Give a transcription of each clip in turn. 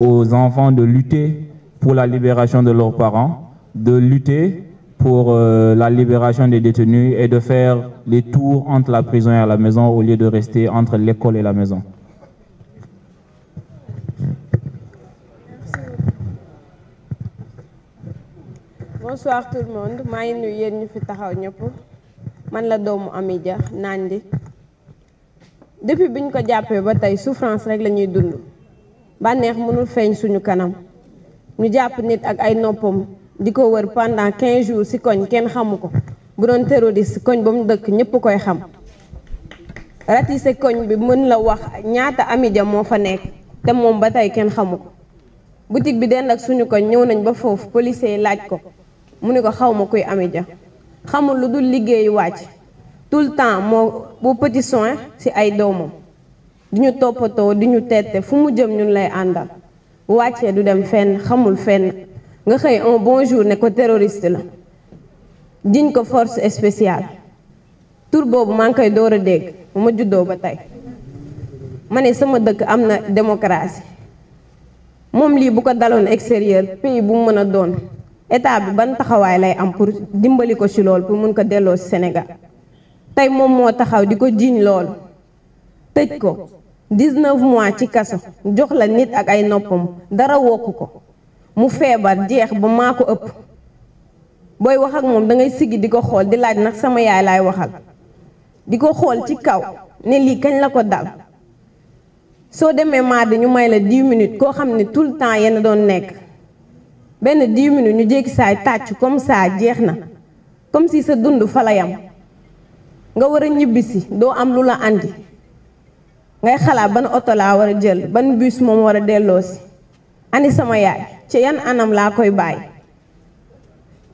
aux enfants de lutter pour la libération de leurs parents, de lutter pour euh, la libération des détenus et de faire les tours entre la prison et la maison au lieu de rester entre l'école et la maison. Bonsoir tout le monde Je suis venu à ñu fi Je suis man la doomu Nandi depuis que ko avons ba souffrance rek la bànneex mënul feeñ suñu kanam ñu jàpp nit ak ay noppam di ko wër pendant 15 jours ci koñ kenn xamu ko bu doon terroriste koñ ba mu dëkk ñëpp koy xam ratissé koñ bi mën la wax ñaata ami amidia moo fa nekk te moom ba tey kenn xamu ko boutique bi dend ak suñu koñ ñëw nañ ba foofu policier yi laaj ko mu ne ko xawma ma kuy amidia xamul lu dul liggéeyu wàcc tout le temps moo bu petit soin ci ay doomam di ñu toppatoo di ñu tette fu mu jëm ñun lay àndal bu wàccee du dem fenn xamul fenn nga xëy un bonjour ne ko terroriste la diñ ko force spéciale tur boobu maa ngi koy door a dégg bu ma juddoo ba tey ma ne sama dëkk am na démocratie moom lii bu ko daloon extérieur pays bu mën a doon état bi ban taxawaay lay am pour dimbali ko ci lool pour mën ko delloo ci Sénégal tey moom moo taxaw di ko jiiñ loolu tëj ko 19 mois ci kaso jox la nit ak ay noppam dara wokk ko mu feebar jeex ba maa ko ëpp booy wax ak moom dangay siggi di ko xool di laaj nag sama yaay laay waxal di ko xool ci kaw ne lii kañ la ko dal soo demee bi ñu may la 10 minutes koo xam ne tout le temps yenn doon nekk benn 10 ñu jékki saay tàcc comme ça jeex na comme si sa dund fa la nga war a ñibbisi doo am lu la àndi ngay xalaat ban oto laa war a jël ban bus moom war a delloo si ani sama yaay ci yan anam laa koy bàyyi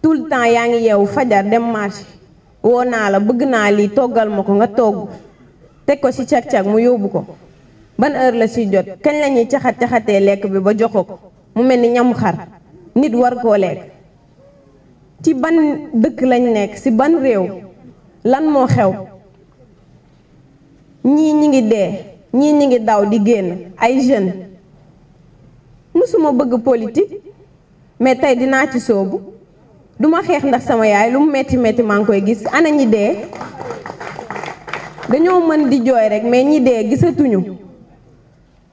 tout le temps yaa ngi yeewu fajar dem marché woo naa la bëgg naa lii toggal ma ko nga togg teg ko ci cag-cag mu yóbbu ko ban heure la si jot kañ la ñuy caxat-caxatee lekk bi ba joxo ko mu mel ni ñam xar nit war koo lekk ci ban dëkk lañ nekk ci ban réew lan moo xew ñii ñi ngi dee ñii ñi ngi daw di génn ay jeunes musuma bëgg politique mais tey dinaa ci soobu duma xeex ndax sama yaay lu mu metti metti maa ngi koy gis ana ñi dee dañoo mën di jooy rek mais ñi dee gisatuñu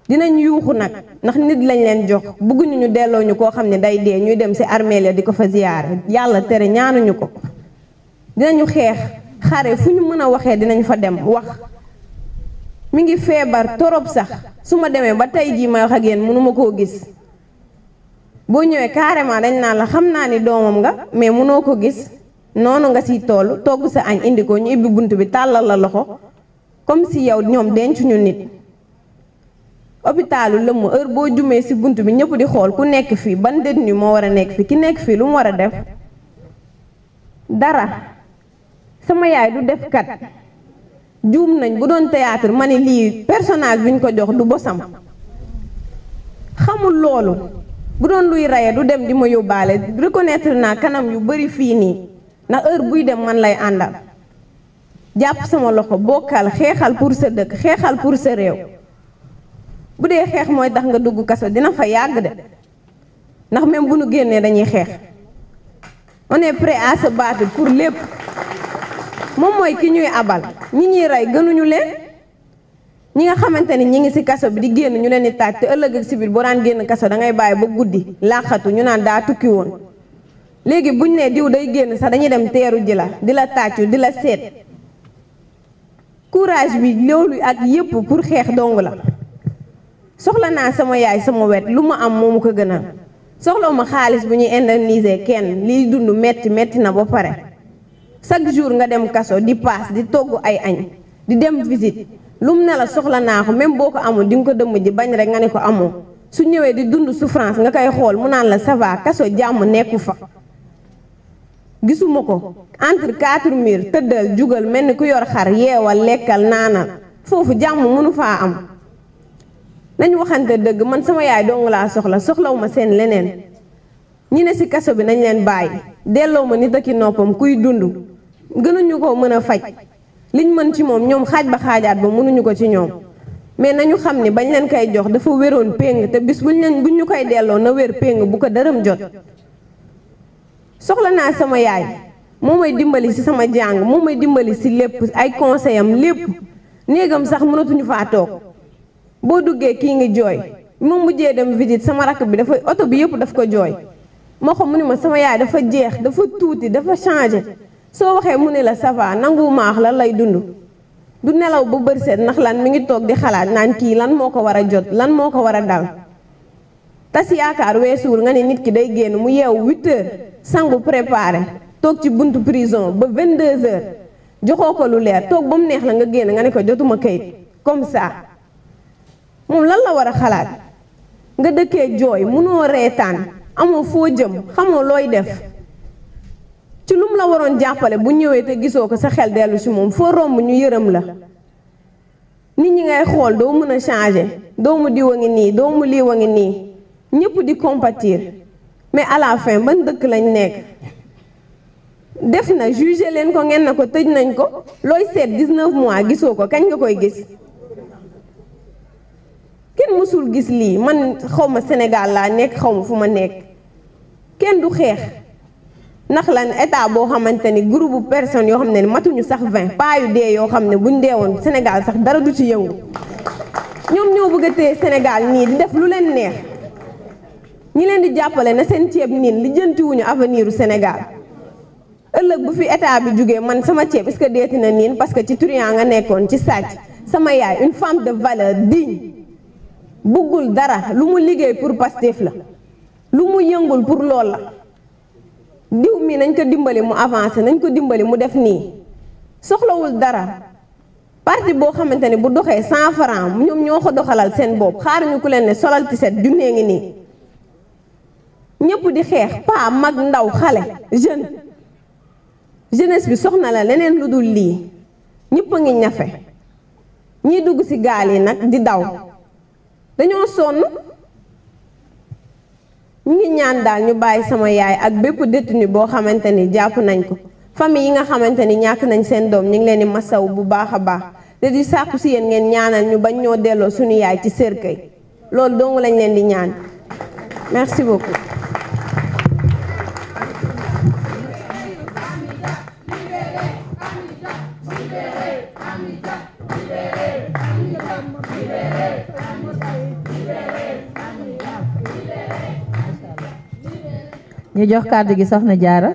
dinañ yuuxu nag ndax nit lañ leen jox bëgguñu ñu delloo ñu koo xam ne day dee ñuy dem ci armeel ya di ko fa ziyaare yàlla tere ñaanuñu ko dinañu xeex xare fu ñu mën a waxee dinañ fa dem wax mi ngi feebar torop sax su ma demee ba tey jii ma wax ak yéen mënuma koo gis boo ñëwee carrément dañ naa la xam naa ni doomam nga mais mënoo ko gis noonu nga siy toll togg sa añ indi ko ñu ibbi bunt bi tàllal la loxo comme si yow ñoom denc ñu nit. hôpitalu lëmm heure boo jumee si bunt bi ñëpp di xool ku nekk fii ban détenu moo war a nekk fii ki nekk fii lu mu war a def dara sama yaay du def kat. djum nañ bu doon théâtre mané li personnage buñ ko jox du bossam xamul lolu bu doon luy raye du dem di ma reconnaître na kanam yu bari fi ni na heure buy dem man lay andal japp sama loxo bokal xéxal pour sa deuk xéxal pour sa rew bu dee xeex tax nga dugg kasso dina fa dé ndax même bu nu dañuy xéx on est prêt à se battre pour lépp moom mooy ki ñuy abal ñi ñuy rey gënuñu leen ñi nga xamante ni ñi ngi ci kaso bi di génn ñu leen di taaj te ëllëg ak si biir boo daan génn kaso da ngay bàyyi ba guddi làqatu ñu naan daa tukki woon léegi buñ nee diw day génn sax dañuy dem teeru ji la di la tàccu di la seet courage bi loolu ak yépp pour xeex dong la soxla naa sama yaay sama wet lu ma am moomu ko gënal soxla ma xaalis bu ñuy indemniser kenn liy dund metti metti na ba pare chaque jour nga dem kaso di paas di togg ay añ di dem visit lum ne la soxla naa ko même boo ko amul di nga ko dëmm ji bañ rek nga ne ko amoo su ñëwee di dund souffrance nga koy xool mu naan la ça kaso jàmm nekku fa. gisuma ko entre quatre murs tëddal jugal mel ni ku yor xar yeewal lekkal naanal foofu jàmm mënu faa am nañ waxante dëgg man sama yaay dong laa soxla soxlawuma seen leneen ñi ne ci kaso bi nañ leen bàyyi delloo ma nit ak i noppam kuy dund gënuñu ko mën a faj liñ mën ci moom ñoom xaaj ba xaajaat ba mënuñu ko ci ñoom mais nañu xam ni bañ leen koy jox dafa wéroon péng te bis buñ leen buñ ñu koy delloo na wér péng bu ko dërëm jot soxla naa sama yaay moo may dimbali si sama jàng moo may dimbali si lépp ay conseil am lépp néegam sax mënatuñu faa toog boo duggee kii ngi jooy mu mujjee dem visite sama rakk bi dafay oto bi yëpp daf ko jooy moo xam mu ni ma sama yaay dafa jeex dafa tuuti dafa changé soo waxee mu ne la ça va nangu maax la lay dund lu nelaw ba bër seet ndax lan mu ngi toog di xalaat naan kii lan moo ko war a jot lan moo ko war a dal tas yaakaar weesuwul nga ne nit ki day génn mu yeewu 8 heures sangu préparé toog ci buntu prison ba 22 joxoo ko lu leer toog ba mu neex la nga génn nga ne ko jotuma kayit comme sa moom lan la war a xalaat nga dëkkee jooy munoo reetaan amoo foo jëm xamoo looy def la waroon jàppale bu ñëwé té gisoo ko sa xel délu ci moom fo romb ñu yërëm la nit ñi ngay xool do mëna changer do mu a ngi ni do mu a ngi ni ñëpp di compatir mais à la fin ban dëkk lañ nekk def na juger leen ko ngén na ko tëj nañ ko loy sét 19 mois gisoo ko kañ nga koy giss kenn musul gis li man xawma Sénégal la nekk xawma fuma nekk kenn du xeex ndax lan état boo xamante ni groupe bu personnes yoo xam ne matuñu sax vingt pas yu dee yoo xam ne buñ dee woon Sénégal sax dara du ci yëngu ñoom ñoo bëgg a téye Sénégal nii di def lu leen neex ñi leen di jàppale na seen ceeb niin li jëntiwuñu avenir u Sénégal ëllëg bu fi état bi jógee man sama ceeb est-ce que deeti na niin parce que ci truand nga nekkoon ci sàcc sama yaay une femme de valeur digne bëggul dara lu mu liggéey pour Pastef la lu mu yëngul pour lool la diw mi nañ ko dimbali mu avancé nañ ko dimbali mu def nii soxlawul dara parti boo xamante ne bu doxee cent franc ñoom ñoo ko doxalal seen bopp xaaruñu ku leen ne solal ti set junnee ngi nii ñëpp di xeex paa mag ndaw xale jeune jeunesse bi soxna la leneen lu dul lii ñëpp a ngi ñafe ñiy dugg ci gaal yi nag di daw dañoo sonn ñu ngi ñaan daal ñu bàyyi sama yaay ak bépp détenu boo xamante ni jàpp nañ ko famille yi nga xamante ni ñàkk nañ seen doom ñu ngi leen di masaw bu baax a baax te di sàkku si yéen ngeen ñaanal ñu bañ ñoo delloo suñu yaay ci cercueil loolu dong lañ leen di ñaan merci beaucoup ñu jox kàddu gi soxna jaara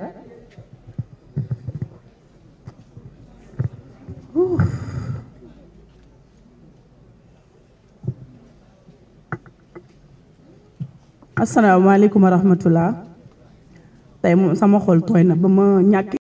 asalaamaaleykum wa rahmatullah tey moom sama xol tooy na ba ma ñàkk